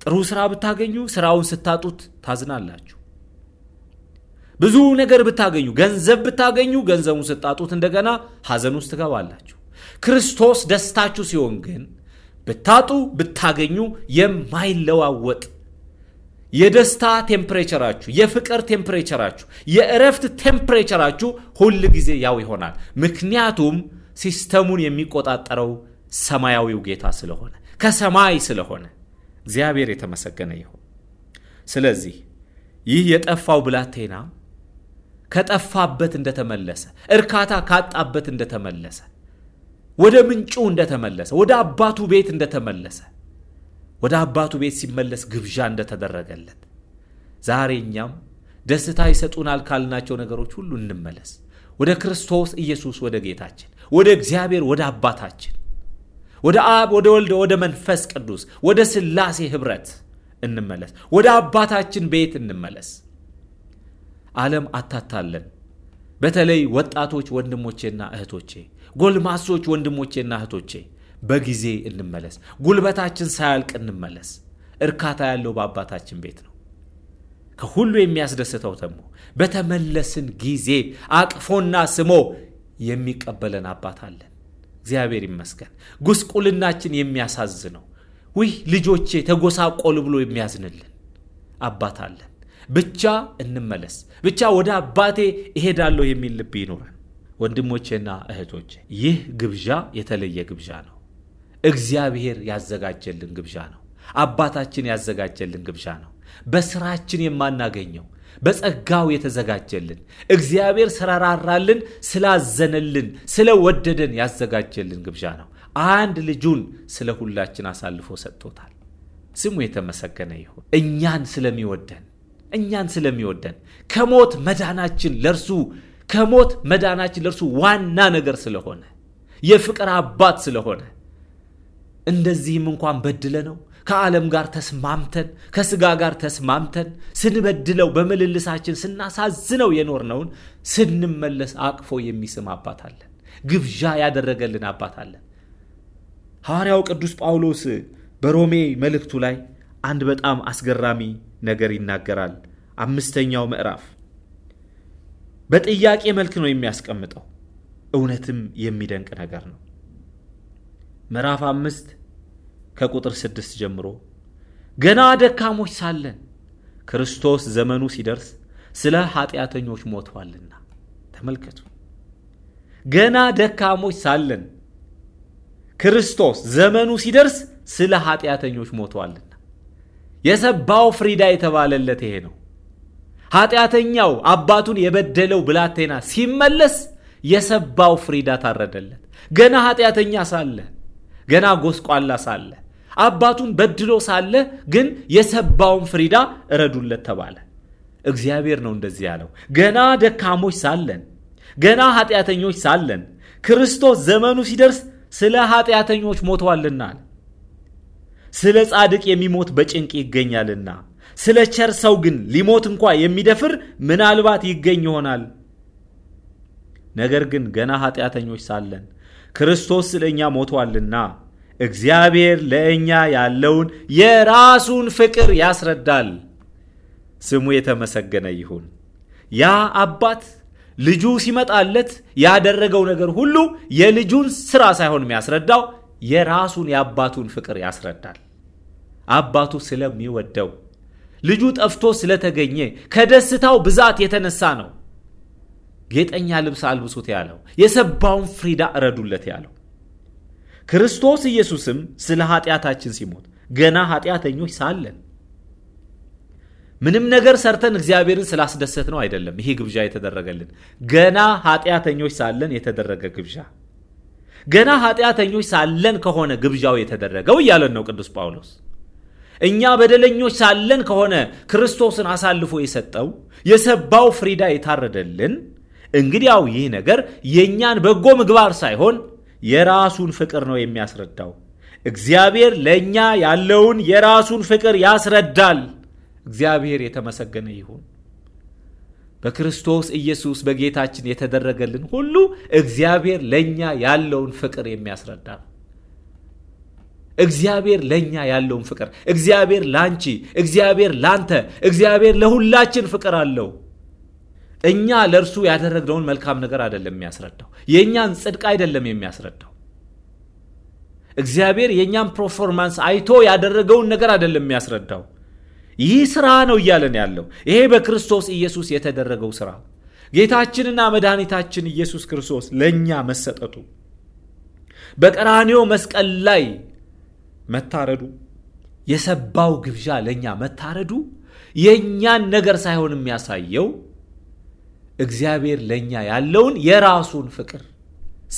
ጥሩ ስራ ብታገኙ ስራውን ስታጡት ታዝናላችሁ። ብዙ ነገር ብታገኙ፣ ገንዘብ ብታገኙ፣ ገንዘቡን ስታጡት እንደገና ሐዘን ውስጥ ትገባላችሁ። ክርስቶስ ደስታችሁ ሲሆን ግን ብታጡ ብታገኙ የማይለዋወጥ የደስታ ቴምፕሬቸራችሁ፣ የፍቅር ቴምፕሬቸራችሁ፣ የእረፍት ቴምፕሬቸራችሁ ሁል ጊዜ ያው ይሆናል። ምክንያቱም ሲስተሙን የሚቆጣጠረው ሰማያዊው ጌታ ስለሆነ ከሰማይ ስለሆነ እግዚአብሔር የተመሰገነ ይሁን። ስለዚህ ይህ የጠፋው ብላቴና ከጠፋበት እንደተመለሰ፣ እርካታ ካጣበት እንደተመለሰ፣ ወደ ምንጩ እንደተመለሰ፣ ወደ አባቱ ቤት እንደተመለሰ ወደ አባቱ ቤት ሲመለስ ግብዣ እንደተደረገለት ዛሬ እኛም ደስታ ይሰጡናል ካልናቸው ነገሮች ሁሉ እንመለስ። ወደ ክርስቶስ ኢየሱስ፣ ወደ ጌታችን፣ ወደ እግዚአብሔር፣ ወደ አባታችን፣ ወደ አብ፣ ወደ ወልድ፣ ወደ መንፈስ ቅዱስ፣ ወደ ስላሴ ኅብረት እንመለስ። ወደ አባታችን ቤት እንመለስ። ዓለም አታታለን። በተለይ ወጣቶች ወንድሞቼና እህቶቼ፣ ጎልማሶች ወንድሞቼና እህቶቼ በጊዜ እንመለስ። ጉልበታችን ሳያልቅ እንመለስ። እርካታ ያለው በአባታችን ቤት ነው። ከሁሉ የሚያስደስተው ደግሞ በተመለስን ጊዜ አቅፎና ስሞ የሚቀበለን አባት አለን። እግዚአብሔር ይመስገን። ጉስቁልናችን የሚያሳዝነው ውይ ልጆቼ ተጎሳቆሉ ብሎ የሚያዝንልን አባት አለን። ብቻ እንመለስ፣ ብቻ ወደ አባቴ እሄዳለሁ የሚል ልብ ይኖረን ወንድሞቼና እህቶቼ ይህ ግብዣ የተለየ ግብዣ ነው። እግዚአብሔር ያዘጋጀልን ግብዣ ነው። አባታችን ያዘጋጀልን ግብዣ ነው። በስራችን የማናገኘው በጸጋው የተዘጋጀልን እግዚአብሔር ስለራራልን፣ ስላዘነልን፣ ስለወደደን ያዘጋጀልን ግብዣ ነው። አንድ ልጁን ስለ ሁላችን አሳልፎ ሰጥቶታል። ስሙ የተመሰገነ ይሁን። እኛን ስለሚወደን እኛን ስለሚወደን ከሞት መዳናችን ለእርሱ ከሞት መዳናችን ለእርሱ ዋና ነገር ስለሆነ የፍቅር አባት ስለሆነ እንደዚህም እንኳን በድለ ነው ከዓለም ጋር ተስማምተን ከስጋ ጋር ተስማምተን ስንበድለው በምልልሳችን ስናሳዝነው የኖርነውን ስንመለስ አቅፎ የሚስም አባት አለን። ግብዣ ያደረገልን አባት አለን። ሐዋርያው ቅዱስ ጳውሎስ በሮሜ መልእክቱ ላይ አንድ በጣም አስገራሚ ነገር ይናገራል። አምስተኛው ምዕራፍ በጥያቄ መልክ ነው የሚያስቀምጠው። እውነትም የሚደንቅ ነገር ነው። ምዕራፍ አምስት ከቁጥር ስድስት ጀምሮ ገና ደካሞች ሳለን ክርስቶስ ዘመኑ ሲደርስ ስለ ኃጢአተኞች ሞቷልና። ተመልከቱ። ገና ደካሞች ሳለን ክርስቶስ ዘመኑ ሲደርስ ስለ ኃጢአተኞች ሞቷልና። የሰባው ፍሪዳ የተባለለት ይሄ ነው። ኃጢአተኛው አባቱን የበደለው ብላቴና ሲመለስ የሰባው ፍሪዳ ታረደለት። ገና ኃጢአተኛ ሳለ ገና ጎስቋላ ሳለ አባቱን በድሎ ሳለ ግን የሰባውን ፍሪዳ እረዱለት ተባለ። እግዚአብሔር ነው እንደዚህ ያለው። ገና ደካሞች ሳለን፣ ገና ኃጢአተኞች ሳለን ክርስቶስ ዘመኑ ሲደርስ ስለ ኃጢአተኞች ሞተዋልና ስለ ጻድቅ የሚሞት በጭንቅ ይገኛልና ስለ ቸር ሰው ግን ሊሞት እንኳ የሚደፍር ምናልባት ይገኝ ይሆናል። ነገር ግን ገና ኃጢአተኞች ሳለን ክርስቶስ ስለ እኛ ሞቷልና እግዚአብሔር ለእኛ ያለውን የራሱን ፍቅር ያስረዳል። ስሙ የተመሰገነ ይሁን። ያ አባት ልጁ ሲመጣለት ያደረገው ነገር ሁሉ የልጁን ስራ ሳይሆን የሚያስረዳው የራሱን የአባቱን ፍቅር ያስረዳል። አባቱ ስለሚወደው ልጁ ጠፍቶ ስለተገኘ ከደስታው ብዛት የተነሳ ነው። ጌጠኛ ልብስ አልብሱት ያለው፣ የሰባውን ፍሪዳ እረዱለት ያለው። ክርስቶስ ኢየሱስም ስለ ኃጢአታችን ሲሞት ገና ኃጢአተኞች ሳለን ምንም ነገር ሰርተን እግዚአብሔርን ስላስደሰት ነው አይደለም። ይሄ ግብዣ የተደረገልን ገና ኃጢአተኞች ሳለን የተደረገ ግብዣ ገና ኃጢአተኞች ሳለን ከሆነ ግብዣው የተደረገው እያለን ነው ቅዱስ ጳውሎስ። እኛ በደለኞች ሳለን ከሆነ ክርስቶስን አሳልፎ የሰጠው የሰባው ፍሪዳ የታረደልን እንግዲያው ይህ ነገር የእኛን በጎ ምግባር ሳይሆን የራሱን ፍቅር ነው የሚያስረዳው። እግዚአብሔር ለእኛ ያለውን የራሱን ፍቅር ያስረዳል። እግዚአብሔር የተመሰገነ ይሁን። በክርስቶስ ኢየሱስ በጌታችን የተደረገልን ሁሉ እግዚአብሔር ለእኛ ያለውን ፍቅር የሚያስረዳ ነው። እግዚአብሔር ለእኛ ያለውን ፍቅር፣ እግዚአብሔር ላንቺ እግዚአብሔር ላንተ፣ እግዚአብሔር ለሁላችን ፍቅር አለው። እኛ ለእርሱ ያደረግነውን መልካም ነገር አይደለም የሚያስረዳው፣ የእኛን ጽድቅ አይደለም የሚያስረዳው። እግዚአብሔር የእኛን ፐርፎርማንስ አይቶ ያደረገውን ነገር አይደለም የሚያስረዳው። ይህ ስራ ነው እያለን ያለው ይሄ በክርስቶስ ኢየሱስ የተደረገው ስራ ጌታችንና መድኃኒታችን ኢየሱስ ክርስቶስ ለእኛ መሰጠቱ፣ በቀራኔው መስቀል ላይ መታረዱ፣ የሰባው ግብዣ ለእኛ መታረዱ የእኛን ነገር ሳይሆን የሚያሳየው እግዚአብሔር ለእኛ ያለውን የራሱን ፍቅር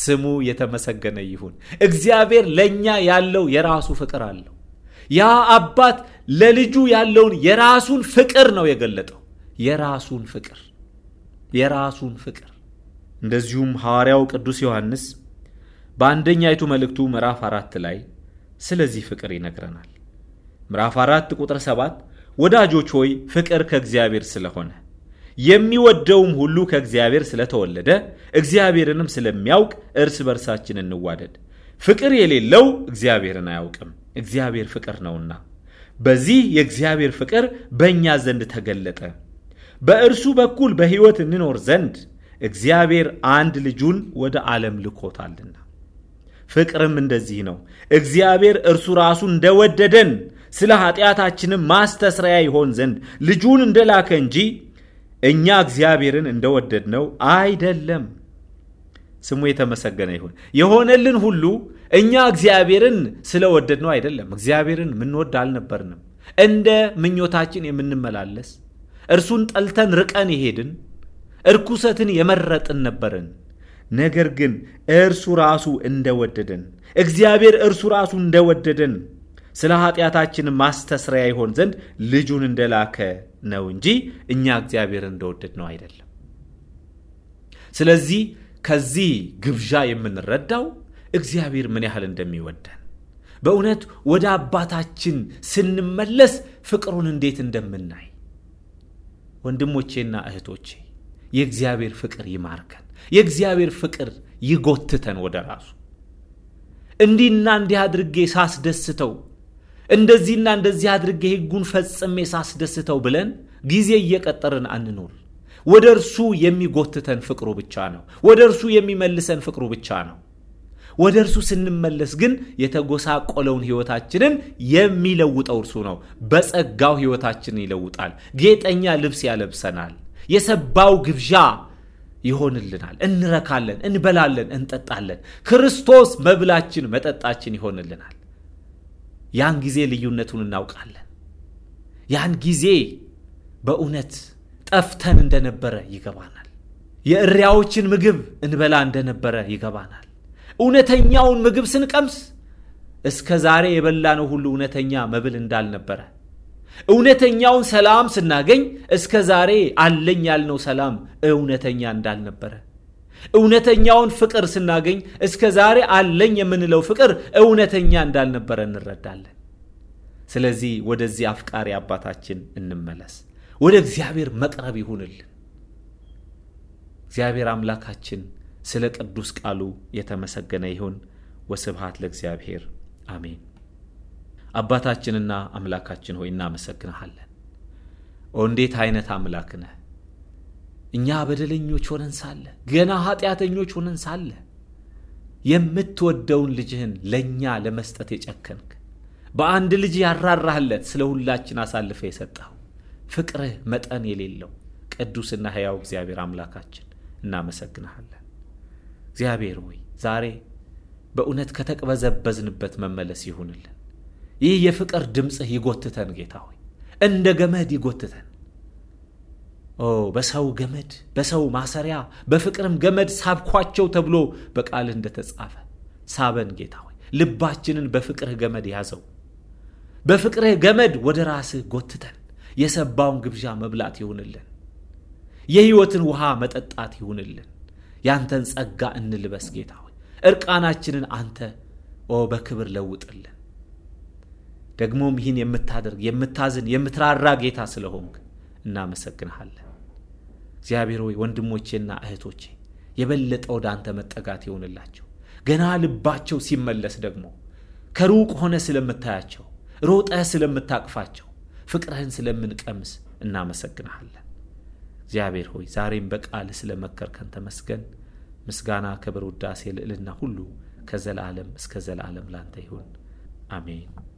ስሙ የተመሰገነ ይሁን። እግዚአብሔር ለእኛ ያለው የራሱ ፍቅር አለው። ያ አባት ለልጁ ያለውን የራሱን ፍቅር ነው የገለጠው። የራሱን ፍቅር የራሱን ፍቅር። እንደዚሁም ሐዋርያው ቅዱስ ዮሐንስ በአንደኛይቱ መልእክቱ ምዕራፍ አራት ላይ ስለዚህ ፍቅር ይነግረናል። ምዕራፍ አራት ቁጥር ሰባት ወዳጆች ሆይ ፍቅር ከእግዚአብሔር ስለሆነ የሚወደውም ሁሉ ከእግዚአብሔር ስለተወለደ እግዚአብሔርንም ስለሚያውቅ እርስ በርሳችን እንዋደድ። ፍቅር የሌለው እግዚአብሔርን አያውቅም፣ እግዚአብሔር ፍቅር ነውና። በዚህ የእግዚአብሔር ፍቅር በእኛ ዘንድ ተገለጠ፣ በእርሱ በኩል በሕይወት እንኖር ዘንድ እግዚአብሔር አንድ ልጁን ወደ ዓለም ልኮታልና። ፍቅርም እንደዚህ ነው፣ እግዚአብሔር እርሱ ራሱ እንደወደደን ስለ ኃጢአታችንም ማስተስረያ ይሆን ዘንድ ልጁን እንደላከ እንጂ እኛ እግዚአብሔርን እንደወደድ ነው አይደለም። ስሙ የተመሰገነ ይሁን። የሆነልን ሁሉ እኛ እግዚአብሔርን ስለወደድ ነው አይደለም። እግዚአብሔርን ምንወድ አልነበርንም። እንደ ምኞታችን የምንመላለስ እርሱን ጠልተን ርቀን የሄድን እርኩሰትን የመረጥን ነበርን። ነገር ግን እርሱ ራሱ እንደወደደን እግዚአብሔር እርሱ ራሱ እንደወደደን ስለ ኃጢአታችን ማስተስሪያ ይሆን ዘንድ ልጁን እንደላከ ነው እንጂ እኛ እግዚአብሔር እንደወደድ ነው አይደለም። ስለዚህ ከዚህ ግብዣ የምንረዳው እግዚአብሔር ምን ያህል እንደሚወደን በእውነት ወደ አባታችን ስንመለስ ፍቅሩን እንዴት እንደምናይ ወንድሞቼና እህቶቼ የእግዚአብሔር ፍቅር ይማርከን። የእግዚአብሔር ፍቅር ይጎትተን ወደ ራሱ። እንዲህና እንዲህ አድርጌ ሳስደስተው እንደዚህና እንደዚህ አድርጌ ህጉን ፈጽሜ ሳስደስተው ብለን ጊዜ እየቀጠርን አንኖር። ወደ እርሱ የሚጎትተን ፍቅሩ ብቻ ነው። ወደ እርሱ የሚመልሰን ፍቅሩ ብቻ ነው። ወደ እርሱ ስንመለስ ግን የተጎሳቆለውን ህይወታችንን የሚለውጠው እርሱ ነው። በጸጋው ህይወታችንን ይለውጣል። ጌጠኛ ልብስ ያለብሰናል። የሰባው ግብዣ ይሆንልናል። እንረካለን፣ እንበላለን፣ እንጠጣለን። ክርስቶስ መብላችን መጠጣችን ይሆንልናል። ያን ጊዜ ልዩነቱን እናውቃለን። ያን ጊዜ በእውነት ጠፍተን እንደነበረ ይገባናል። የእሪያዎችን ምግብ እንበላ እንደነበረ ይገባናል። እውነተኛውን ምግብ ስንቀምስ እስከ ዛሬ የበላነው ሁሉ እውነተኛ መብል እንዳልነበረ፣ እውነተኛውን ሰላም ስናገኝ እስከ ዛሬ አለኝ ያልነው ሰላም እውነተኛ እንዳልነበረ እውነተኛውን ፍቅር ስናገኝ እስከ ዛሬ አለኝ የምንለው ፍቅር እውነተኛ እንዳልነበረ እንረዳለን። ስለዚህ ወደዚህ አፍቃሪ አባታችን እንመለስ። ወደ እግዚአብሔር መቅረብ ይሁንልን። እግዚአብሔር አምላካችን ስለ ቅዱስ ቃሉ የተመሰገነ ይሁን። ወስብሃት ለእግዚአብሔር አሜን። አባታችንና አምላካችን ሆይ እናመሰግንሃለን። ኦ እንዴት አይነት አምላክ ነህ! እኛ በደለኞች ሆነን ሳለ ገና ኃጢአተኞች ሆነን ሳለ የምትወደውን ልጅህን ለእኛ ለመስጠት የጨከንክ በአንድ ልጅ ያራራህለት ስለ ሁላችን አሳልፈ የሰጠው ፍቅርህ መጠን የሌለው ቅዱስና ሕያው እግዚአብሔር አምላካችን እናመሰግንሃለን። እግዚአብሔር ሆይ ዛሬ በእውነት ከተቅበዘበዝንበት መመለስ ይሁንልን። ይህ የፍቅር ድምፅህ ይጎትተን ጌታ ሆይ እንደ ገመድ ይጎትተን በሰው ገመድ በሰው ማሰሪያ በፍቅርም ገመድ ሳብኳቸው ተብሎ በቃል እንደተጻፈ ሳበን ጌታ ሆይ ልባችንን በፍቅርህ ገመድ ያዘው በፍቅርህ ገመድ ወደ ራስህ ጎትተን የሰባውን ግብዣ መብላት ይሁንልን የህይወትን ውሃ መጠጣት ይሁንልን ያንተን ጸጋ እንልበስ ጌታ ሆይ እርቃናችንን አንተ ኦ በክብር ለውጥልን ደግሞም ይህን የምታደርግ የምታዝን የምትራራ ጌታ ስለሆንክ እናመሰግንሃለን እግዚአብሔር ሆይ ወንድሞቼና እህቶቼ የበለጠ ወደ አንተ መጠጋት ይሆንላቸው። ገና ልባቸው ሲመለስ ደግሞ ከሩቅ ሆነ ስለምታያቸው፣ ሮጠህ ስለምታቅፋቸው፣ ፍቅርህን ስለምንቀምስ እናመሰግንሃለን። እግዚአብሔር ሆይ ዛሬም በቃል ስለመከርከን ተመስገን። ምስጋና፣ ክብር፣ ውዳሴ፣ ልዕልና ሁሉ ከዘላለም እስከ ዘላለም ላንተ ይሁን። አሜን።